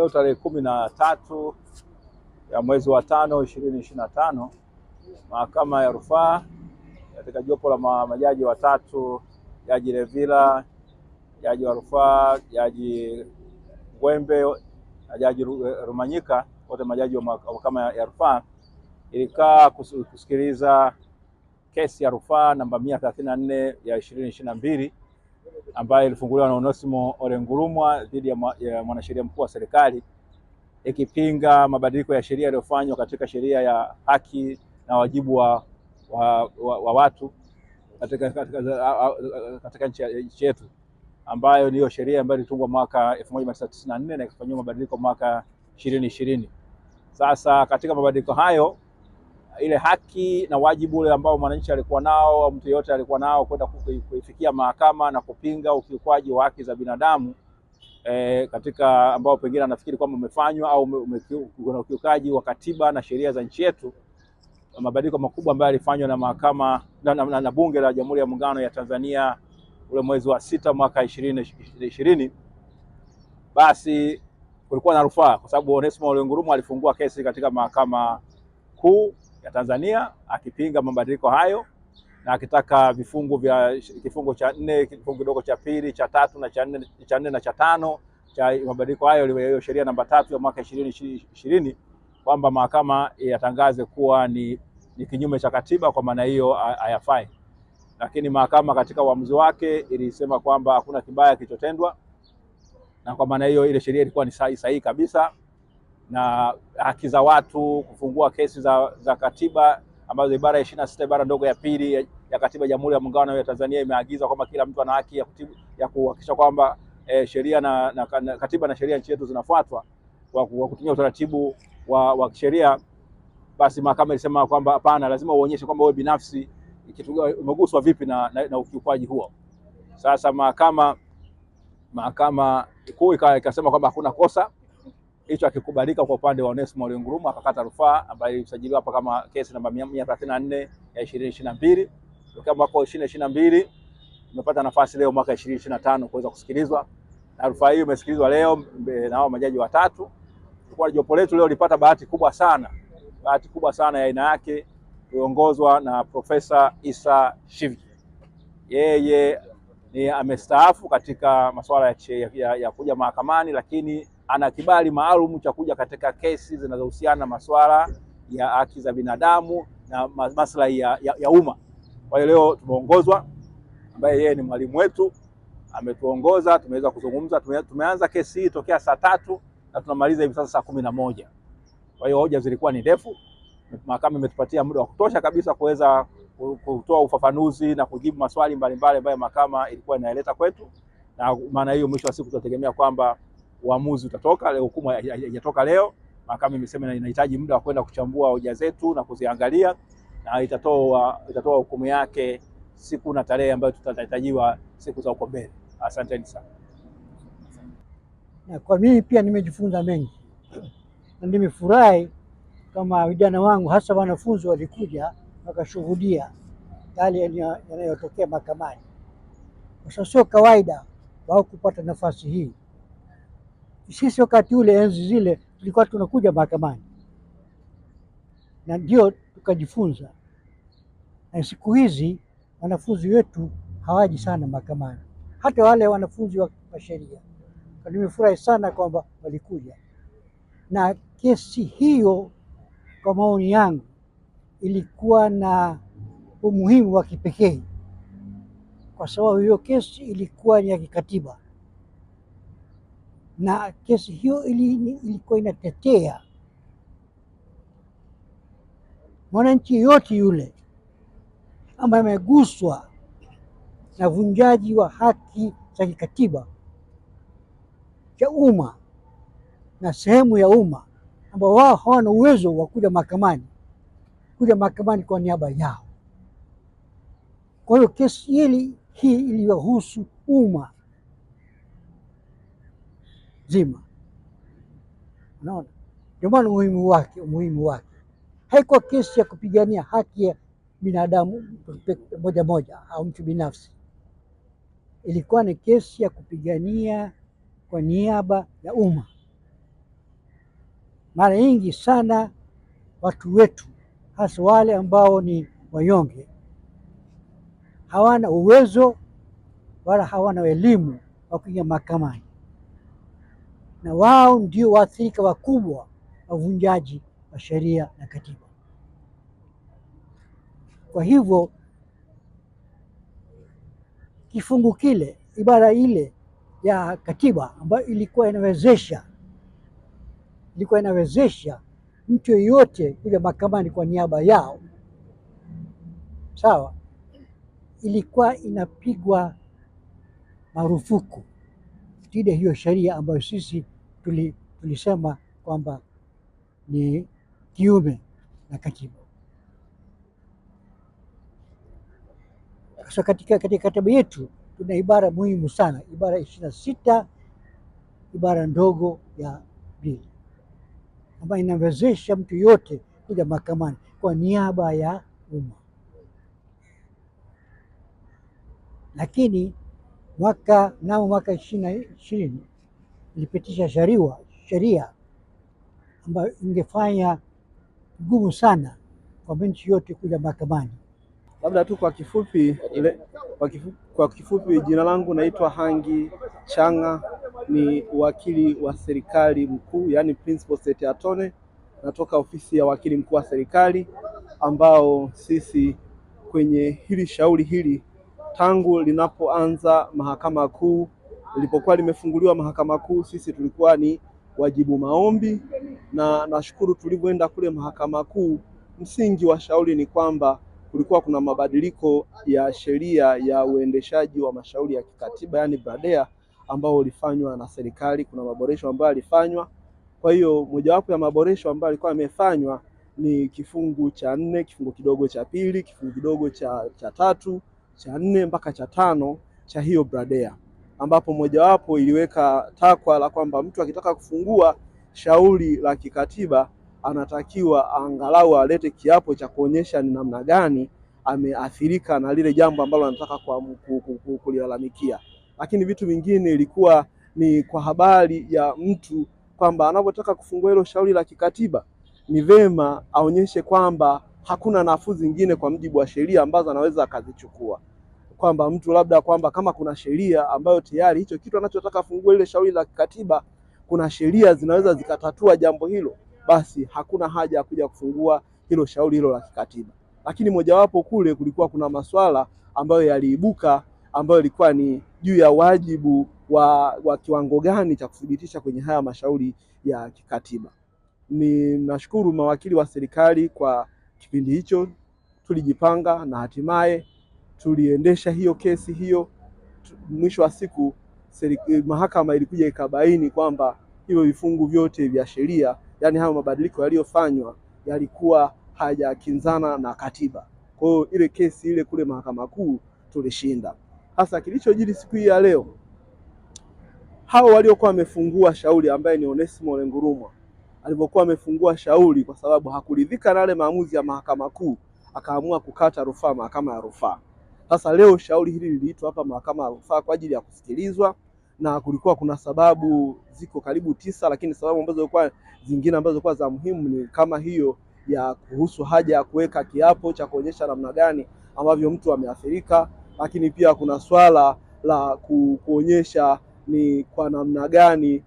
leo tarehe kumi na tatu ya mwezi wa tano ishirini ishirini na tano mahakama ya rufaa katika jopo la majaji watatu Jaji Levila, jaji wa rufaa, Jaji Ngwembe na Jaji Rumanyika, wote majaji wa mahakama ya rufaa, ilikaa kusikiliza kesi ya rufaa namba mia thelathini na nne ya ishirini ishirini na mbili ambayo ilifunguliwa na Onesmo Ole dhidi ya mwanasheria mkuu wa serikali ikipinga mabadiliko ya sheria yaliyofanywa katika sheria ya haki na wajibu wa, wa, wa, wa watu katika, katika, katika nchi yetu ambayo ndiyo sheria ambayo ilitungwa mwaka 1994 na na ikafanyiwa mabadiliko mwaka ishirini ishirini. Sasa katika mabadiliko hayo ile haki na wajibu ule ambao mwananchi alikuwa nao au mtu yeyote alikuwa nao kwenda kuifikia mahakama na kupinga ukiukwaji wa haki za binadamu e, katika ambao pengine anafikiri kwamba umefanywa au kuna ukiukaji wa katiba na sheria za nchi yetu, mabadiliko makubwa ambayo yalifanywa na mahakama na, na, na, na Bunge la Jamhuri ya Muungano ya Tanzania ule mwezi wa sita mwaka ishirini basi kulikuwa na rufaa kwa sababu Onesmo Olengurumo alifungua kesi katika mahakama kuu ya Tanzania akipinga mabadiliko hayo na akitaka vifungu vya kifungu cha nne kifungu kidogo cha pili cha tatu na cha nne cha nne na cha tano cha mabadiliko hayo hiyo sheria namba tatu ya mwaka ishirini ishirini kwamba mahakama yatangaze kuwa ni, ni kinyume cha katiba, kwa maana hiyo hayafai. Lakini mahakama katika uamuzi wake ilisema kwamba hakuna kibaya kilichotendwa, na kwa maana hiyo ile sheria ilikuwa ni sahihi kabisa na haki za watu, kufungua kesi za, za katiba ambazo ibara ya ishirini na sita ibara ndogo ya pili ya, ya katiba ya Jamhuri ya Muungano ya Tanzania imeagiza kwamba kila mtu ana haki ya, ya kuhakikisha kwamba eh, sheria na, na, na katiba na sheria nchi yetu zinafuatwa kwa kutumia utaratibu wa, wa kisheria, Basi mahakama ilisema kwamba hapana, lazima uonyeshe kwamba wewe binafsi umeguswa vipi na, na, na ukiukwaji huo. Sasa mahakama mahakama kuu ikasema kwamba hakuna kosa hicho akikubalika kwa upande wa Onesmo Ole akakata rufaa ambayo ilisajiliwa hapa kama kesi namba 134 ya 2022 tokea mwaka 2022 imepata nafasi leo mwaka 2025 kuweza kusikilizwa na rufaa hiyo imesikilizwa leo na hao majaji watatu. Kwa jopo letu leo lipata bahati kubwa sana, bahati kubwa sana ya aina yake kuongozwa na Profesa Isa Shivji. Yeye ni amestaafu katika masuala ya, ya, ya kuja mahakamani lakini ana kibali maalum cha kuja katika kesi zinazohusiana na masuala ya haki za binadamu na maslahi ya, ya, ya umma. Kwa hiyo leo tumeongozwa, ambaye yeye ni mwalimu wetu, ametuongoza tumeweza kuzungumza. Tume, tumeanza kesi hii tokea saa tatu na tunamaliza hivi sasa saa kumi na moja. Kwa hiyo hoja zilikuwa ni ndefu, mahakama imetupatia muda wa kutosha kabisa kuweza kutoa ufafanuzi na kujibu maswali mbalimbali ambayo mahakama ilikuwa inaeleta kwetu, na maana hiyo mwisho wa siku tunategemea kwamba uamuzi utatoka leo, hukumu haijatoka leo. Mahakama imesema inahitaji muda wa kwenda kuchambua hoja zetu na kuziangalia na itatoa itatoa hukumu yake siku na tarehe ambayo tutahitajiwa siku za uko mbele. Asanteni sana. Na kwa mimi pia nimejifunza mengi na nimefurahi kama vijana wangu hasa wanafunzi walikuja wakashuhudia yale yanayotokea mahakamani. sababu sio kawaida wao kupata nafasi hii. Sisi wakati ule enzi zile tulikuwa tunakuja mahakamani na ndio tukajifunza, na siku hizi wanafunzi wetu hawaji sana mahakamani, hata wale wanafunzi wa sheria. Nimefurahi sana kwamba walikuja na kesi hiyo. Kwa maoni yangu, ilikuwa na umuhimu wa kipekee kwa sababu hiyo kesi ilikuwa ni ya kikatiba na kesi hiyo ilikuwa inatetea mwananchi yeyote yule ambaye ameguswa na vunjaji wa haki za kikatiba cha umma na sehemu ya umma ambao wao hawana uwezo wa kuja mahakamani kuja mahakamani kwa niaba yao. Kwa hiyo kesi hili hii iliyohusu umma nzima. Unaona, ndio maana umuhimu wake, umuhimu wake haikuwa kesi ya kupigania haki ya binadamu moja moja au mtu binafsi, ilikuwa ni kesi ya kupigania kwa niaba ya umma. Mara nyingi sana watu wetu hasa wale ambao ni wanyonge hawana uwezo wala hawana elimu wa kuingia mahakamani na wao ndio waathirika wakubwa wa uvunjaji wa sheria na katiba. Kwa hivyo kifungu kile, ibara ile ya katiba ambayo ilikuwa inawezesha ilikuwa inawezesha mtu yeyote kuja mahakamani kwa niaba yao, sawa, ilikuwa inapigwa marufuku kufuatilia hiyo sheria ambayo sisi tulisema kwamba ni kiume na katiba. So katika, katika katiba yetu tuna ibara muhimu sana, ibara ishirini na sita ibara ndogo ya pili ambayo inawezesha mtu yote kuja mahakamani kwa niaba ya umma, lakini mwaka mnamo mwaka ishirini ilipitisha sheria ambayo ingefanya ngumu sana kwa benchi yote kuja mahakamani. Labda tu kwa kifupi le, kwa kifupi, kwa kifupi jina langu naitwa Hangi Chang'a, ni wakili wa serikali mkuu, yani principal state attorney. Natoka ofisi ya wakili mkuu wa serikali, ambao sisi kwenye hili shauri hili tangu linapoanza mahakama kuu, lilipokuwa limefunguliwa mahakama kuu, sisi tulikuwa ni wajibu maombi, na nashukuru tulivyoenda kule mahakama kuu, msingi wa shauri ni kwamba kulikuwa kuna mabadiliko ya sheria ya uendeshaji wa mashauri ya kikatiba, yani BRADEA, ambao ulifanywa na serikali. Kuna maboresho ambayo yalifanywa. Kwa hiyo mojawapo ya maboresho ambayo alikuwa yamefanywa ni kifungu cha nne, kifungu kidogo cha pili, kifungu kidogo cha, cha tatu cha nne mpaka cha tano cha hiyo Bradea, ambapo mojawapo iliweka takwa la kwamba mtu akitaka kufungua shauri la kikatiba anatakiwa angalau alete kiapo cha kuonyesha ni namna gani ameathirika na lile jambo ambalo anataka kulilalamikia. Lakini vitu vingine ilikuwa ni kwa habari ya mtu kwamba anapotaka kufungua hilo shauri la kikatiba ni vema aonyeshe kwamba hakuna nafuu zingine kwa mjibu wa sheria ambazo anaweza akazichukua kwamba mtu labda kwamba kama kuna sheria ambayo tayari hicho kitu anachotaka afungue ile shauri la kikatiba, kuna sheria zinaweza zikatatua jambo hilo, basi hakuna haja ya kuja kufungua hilo shauri hilo la kikatiba. Lakini mojawapo kule kulikuwa kuna maswala ambayo yaliibuka ambayo ilikuwa ni juu ya wajibu wa, wa kiwango gani cha kuthibitisha kwenye haya mashauri ya kikatiba. Ninashukuru mawakili wa serikali kwa kipindi hicho, tulijipanga na hatimaye tuliendesha hiyo kesi hiyo. Mwisho wa siku eh, mahakama ilikuja ikabaini kwamba hivyo vifungu vyote vya sheria, yaani hayo mabadiliko yaliyofanywa yalikuwa hayakinzana na katiba. Kwa hiyo ile kesi ile kule mahakama kuu tulishinda. Hasa kilichojiri siku hii ya leo, hao waliokuwa wamefungua shauri ambaye ni Onesimo Lengurumwa alivyokuwa amefungua shauri, kwa sababu hakuridhika na yale maamuzi ya mahakama kuu, akaamua kukata rufaa mahakama ya rufaa. Sasa leo shauri hili liliitwa hapa mahakama ya rufaa kwa ajili ya kusikilizwa, na kulikuwa kuna sababu ziko karibu tisa, lakini sababu ambazo zilikuwa zingine ambazo zilikuwa za muhimu ni kama hiyo ya kuhusu haja ya kuweka kiapo cha kuonyesha namna gani ambavyo mtu ameathirika, lakini pia kuna swala la kuonyesha ni kwa namna gani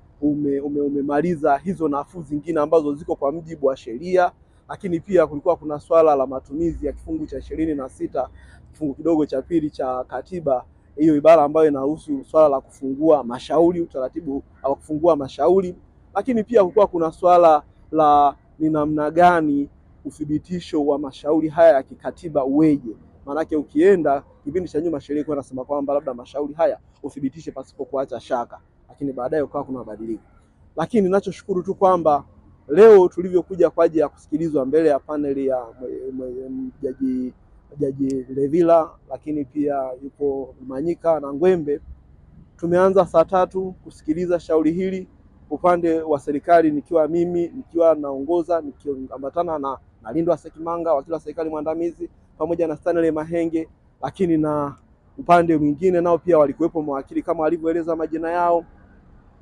umemaliza ume, ume hizo nafuu zingine ambazo ziko kwa mujibu wa sheria lakini pia kulikuwa kuna swala la matumizi ya kifungu cha ishirini na sita kifungu kidogo cha pili cha katiba, hiyo ibara ambayo inahusu swala la kufungua mashauri, utaratibu wa kufungua mashauri, lakini pia kulikuwa kuna swala la ni namna gani uthibitisho wa mashauri haya ya kikatiba uweje? Maanake ukienda kipindi cha nyuma sheria ilikuwa inasema kwamba labda mashauri haya uthibitishe pasipo kuacha shaka, lakini baadaye ukawa kuna mabadiliko. Lakini ninachoshukuru tu kwamba leo tulivyokuja kwa ajili ya kusikilizwa mbele ya paneli ya Jaji Jaji Levila, lakini pia yupo Manyika na Ngwembe. Tumeanza saa tatu kusikiliza shauri hili upande wa serikali, nikiwa mimi nikiwa naongoza nikiambatana na Nalindwa Sekimanga, wakili wa serikali mwandamizi, pamoja na Stanley Mahenge, lakini na upande mwingine nao pia walikuwepo mawakili kama walivyoeleza majina yao.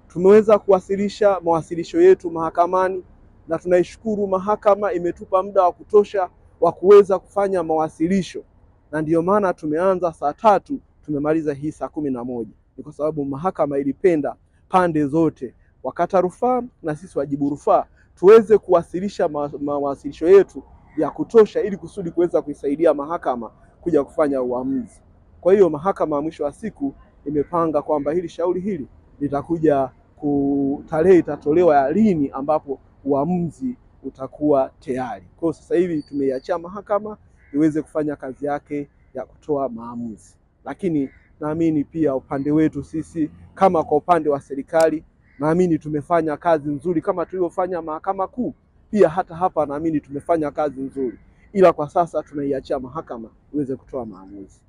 Tumeweza kuwasilisha mawasilisho yetu mahakamani na tunaishukuru mahakama imetupa muda wa kutosha wa kuweza kufanya mawasilisho, na ndiyo maana tumeanza saa tatu tumemaliza hii saa kumi na moja ni kwa sababu mahakama ilipenda pande zote, wakata rufaa na sisi wajibu rufaa, tuweze kuwasilisha mawasilisho yetu ya kutosha, ili kusudi kuweza kuisaidia mahakama kuja kufanya uamuzi. Kwa hiyo mahakama ya mwisho wa siku imepanga kwamba hili shauri hili litakuja kutarehe itatolewa ya lini ambapo uamuzi utakuwa tayari. Kwa hiyo sasa hivi tumeiachia mahakama iweze kufanya kazi yake ya kutoa maamuzi, lakini naamini pia upande wetu sisi kama kwa upande wa serikali, naamini tumefanya kazi nzuri kama tulivyofanya mahakama kuu, pia hata hapa naamini tumefanya kazi nzuri, ila kwa sasa tunaiachia mahakama iweze kutoa maamuzi.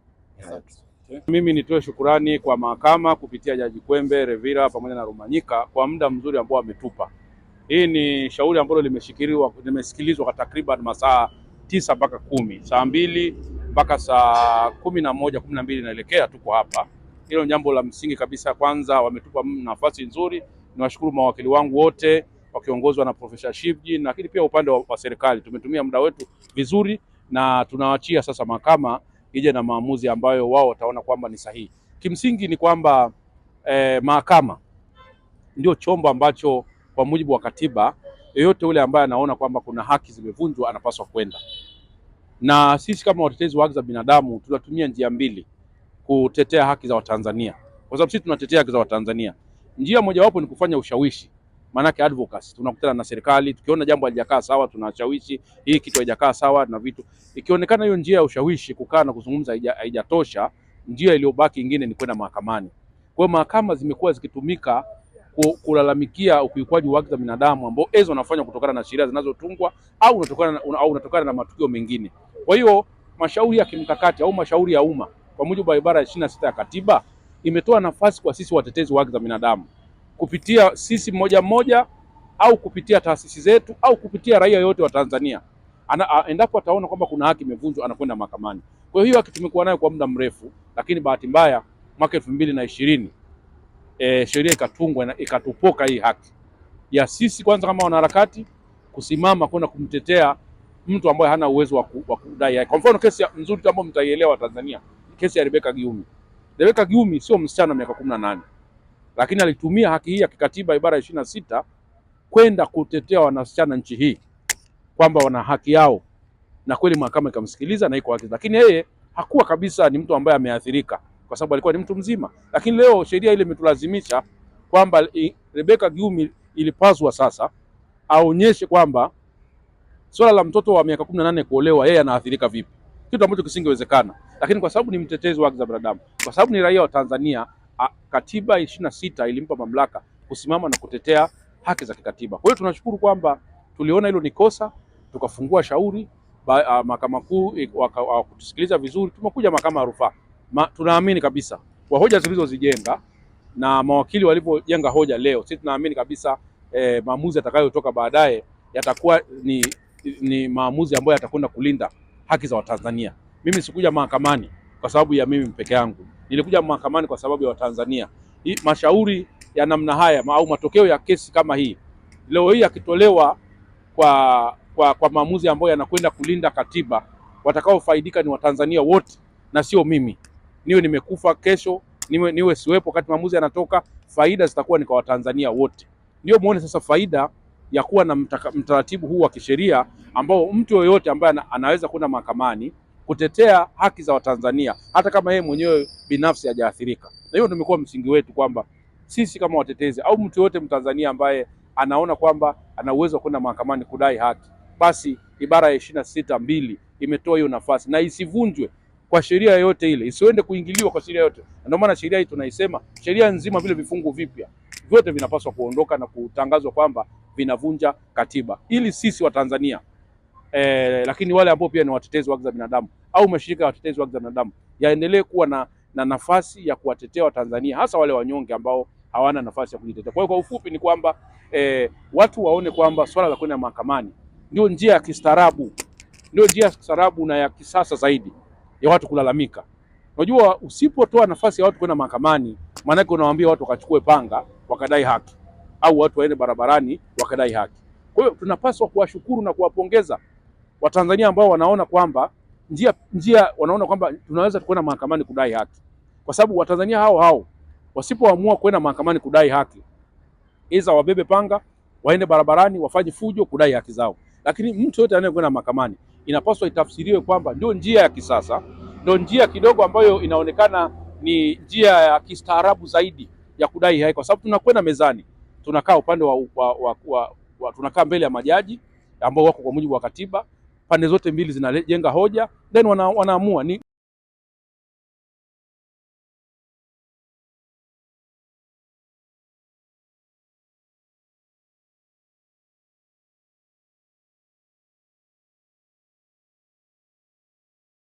Mimi nitoe shukurani kwa mahakama kupitia Jaji Kwembe Revira pamoja na Rumanyika kwa muda mzuri ambao wametupa. Hii ni shauri ambalo limesikilizwa kwa takriban masaa tisa mpaka kumi, saa mbili mpaka saa kumi na moja kumi na mbili inaelekea, tuko hapa. Hilo jambo la msingi kabisa. Kwanza wametupa nafasi nzuri, niwashukuru mawakili wangu wote wakiongozwa na Profesa Shivji, lakini pia upande wa, wa serikali tumetumia muda wetu vizuri, na tunawachia sasa mahakama ije na maamuzi ambayo wao wataona kwamba ni sahihi. Kimsingi ni kwamba eh, mahakama ndio chombo ambacho kwa mujibu wa katiba, yeyote yule ambaye anaona kwamba kuna haki zimevunjwa anapaswa kwenda. Na sisi kama watetezi wa haki za binadamu tunatumia njia mbili kutetea haki za Watanzania, kwa sababu sisi tunatetea haki za Watanzania. Njia mojawapo ni kufanya ushawishi, maanake advocacy. Tunakutana na serikali, tukiona jambo halijakaa sawa tunashawishi, hii kitu haijakaa sawa na vitu. Ikionekana hiyo njia ya ushawishi, kukaa na kuzungumza, haijatosha, njia iliyobaki ingine ni kwenda mahakamani. Kwa hiyo mahakama zimekuwa zikitumika kulalamikia ukiukwaji wa haki za binadamu ambao hizo wanafanya kutokana na sheria zinazotungwa au unatokana na, au unatokana na matukio mengine. Kwa hiyo mashauri ya kimkakati au mashauri ya umma kwa mujibu wa ibara ya ishirini na sita ya katiba imetoa nafasi kwa sisi watetezi wa haki za binadamu kupitia sisi mmoja mmoja au kupitia taasisi zetu au kupitia raia yote wa Tanzania ana, a, endapo ataona kwamba kuna haki imevunjwa anakwenda mahakamani. Kwa hiyo hiyo haki tumekuwa nayo kwa muda mrefu, lakini bahati mbaya mwaka elfu mbili na ishirini e, sheria ikatungwa na ikatupoka hii haki ya sisi kwanza kama wanaharakati kusimama kwenda kumtetea mtu ambaye hana uwezo wa kudai Kwa mfano kesi nzuri ambayo mtaielewa Tanzania, kesi ya Rebeka Giumi. Rebeka Giumi sio msichana miaka kumi na nane, lakini alitumia haki hii ya kikatiba ibara ya ishirini na sita kwenda kutetea wanasichana nchi hii kwamba wana haki yao, na kweli mahakama ikamsikiliza na iko haki, lakini yeye hakuwa kabisa ni mtu ambaye ameathirika kwa sababu alikuwa ni mtu mzima, lakini leo sheria ile imetulazimisha kwamba Rebeka Giumi ilipaswa sasa aonyeshe kwamba swala la mtoto wa miaka kumi na nane kuolewa yeye anaathirika vipi, kitu ambacho kisingewezekana. Lakini kwa sababu ni mtetezi wa haki za binadamu, kwa sababu ni raia wa Tanzania, katiba ishirini na sita ilimpa mamlaka kusimama na kutetea haki za kikatiba. Kwa hiyo tunashukuru kwamba tuliona hilo ni kosa, tukafungua shauri mahakama kuu, e, vizuri, tumekuja mahakama ya rufaa ma, tunaamini kabisa kwa hoja zilizozijenga na mawakili walivyojenga hoja leo, sisi tunaamini kabisa eh, maamuzi yatakayotoka baadaye yatakuwa ni, ni maamuzi ambayo yatakwenda kulinda haki za Watanzania. Mimi sikuja mahakamani kwa sababu ya mimi peke yangu, nilikuja mahakamani kwa sababu ya Watanzania. Mashauri ya namna haya au matokeo ya kesi kama hii leo hii yakitolewa kwa, kwa, kwa maamuzi ambayo yanakwenda kulinda katiba, watakaofaidika ni Watanzania wote na sio mimi niwe nimekufa kesho, niwe, niwe siwepo wakati maamuzi yanatoka, faida zitakuwa ni kwa Watanzania wote. Ndio muone sasa faida ya kuwa na mtaratibu huu wa kisheria ambao mtu yoyote ambaye anaweza kwenda mahakamani kutetea haki za Watanzania hata kama yeye mwenyewe binafsi hajaathirika. Na hiyo tumekuwa msingi wetu kwamba sisi kama watetezi au mtu yoyote Mtanzania ambaye anaona kwamba ana uwezo wa kwenda mahakamani kudai haki, basi ibara ya ishirini na sita mbili imetoa hiyo nafasi na isivunjwe kwa sheria yoyote ile, isiende kuingiliwa kwa sheria yote. Ndio maana sheria hii tunaisema sheria nzima, vile vifungu vipya vyote vinapaswa kuondoka na kutangazwa kwamba vinavunja katiba, ili sisi Watanzania eh, lakini wale ambao pia ni watetezi wa haki za binadamu au mashirika ya watetezi wa haki za binadamu yaendelee kuwa na, na nafasi ya kuwatetea Watanzania hasa wale wanyonge ambao hawana nafasi ya kujitetea. Kwa hiyo kwa ufupi ni kwamba eh, watu waone kwamba swala la kwenda mahakamani ndio njia ya kistaarabu, ndio njia ya kistaarabu na ya kisasa zaidi ya watu kulalamika. Unajua, usipotoa nafasi ya watu kwenda mahakamani, maanake unawaambia watu wakachukue panga wakadai haki, au watu waende barabarani wakadai haki. Kwa hiyo tunapaswa kuwashukuru na kuwapongeza Watanzania ambao wanaona kwamba njia, njia wanaona kwamba tunaweza kwenda mahakamani kudai haki, kwa sababu Watanzania hao hao wasipoamua kwenda mahakamani kudai haki, iza wabebe panga waende barabarani wafanye fujo kudai haki zao, lakini mtu yote anayekwenda mahakamani inapaswa itafsiriwe kwamba ndio njia ya kisasa, ndio njia kidogo ambayo inaonekana ni njia ya kistaarabu zaidi ya kudai haki, kwa sababu tunakwenda mezani, tunakaa upande wa, wa, wa, wa, wa tunakaa mbele ya majaji ambao wako kwa mujibu wa katiba. Pande zote mbili zinajenga hoja then wana, wanaamua ni